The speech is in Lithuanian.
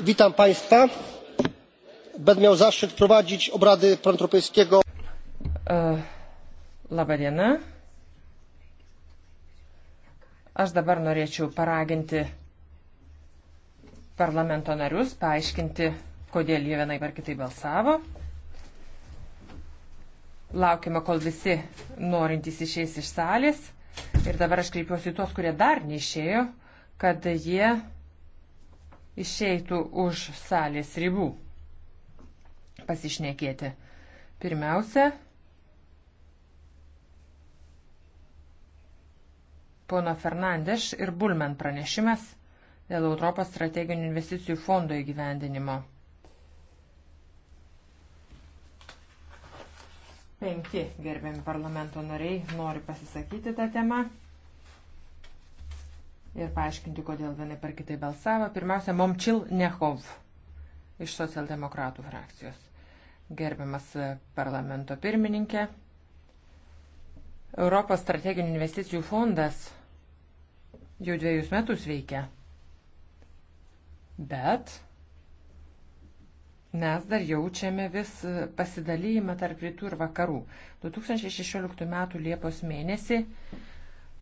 witam państwa będę miał zaszczyt prowadzić obrady parlamentu europejskiego e, laba diena aš dabar norėčiau paraginti parlamento narius paaiškinti kodėl jie vienaip ar kitaip balsavo laukime kol visi norintys išeis iš salės ir dabar aš kreipiuosi į tuos kurie dar neišėjo kad jie išeitų už salės ribų pasišnekėti. Pirmiausia, pono Fernandes ir Bulmen pranešimas dėl Europos strateginių investicijų fondo įgyvendinimo. 5 gerbiami parlamento nariai nori pasisakyti tą temą ir paaiškinti, kodėl vienai per kitai balsavo. Pirmiausia, Momčil Nehov iš socialdemokratų frakcijos. Gerbiamas parlamento pirmininkė. Europos strateginių investicijų fondas jau dviejus metus veikia. Bet mes dar jaučiame vis pasidalymą tarp rytų ir vakarų. 2016 m. Liepos mėnesį